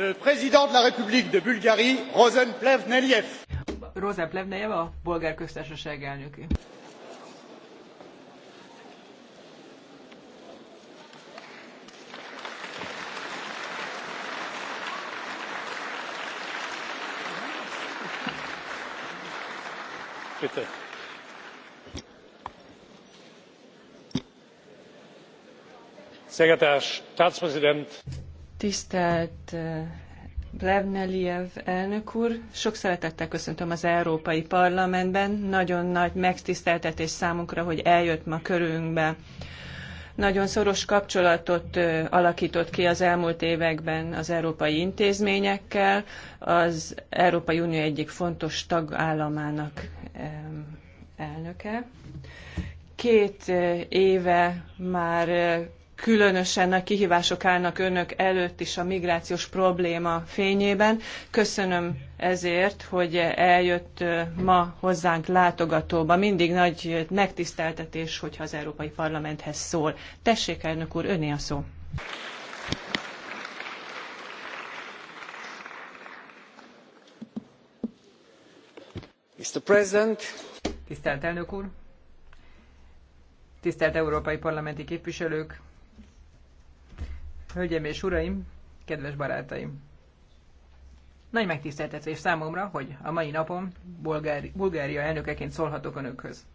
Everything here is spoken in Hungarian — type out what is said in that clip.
Le président de la République de Bulgarie, Rosen Plevneliev. Rosen Plevneliev a bolgár köztársaság elnöke. Bitte. Sehr geehrter Herr Staatspräsident! Tisztelt Plevneliev eh, elnök úr, sok szeretettel köszöntöm az Európai Parlamentben. Nagyon nagy megtiszteltetés számunkra, hogy eljött ma körünkbe. Nagyon szoros kapcsolatot eh, alakított ki az elmúlt években az európai intézményekkel. Az Európai Unió egyik fontos tagállamának eh, elnöke. Két éve már különösen nagy kihívások állnak önök előtt is a migrációs probléma fényében. Köszönöm ezért, hogy eljött ma hozzánk látogatóba. Mindig nagy megtiszteltetés, hogyha az Európai Parlamenthez szól. Tessék, elnök úr, öné a szó. Mr. President. Tisztelt elnök úr! Tisztelt európai parlamenti képviselők! Hölgyeim és uraim, kedves barátaim! Nagy megtiszteltetés számomra, hogy a mai napon Bulgári- Bulgária elnökeként szólhatok önökhöz.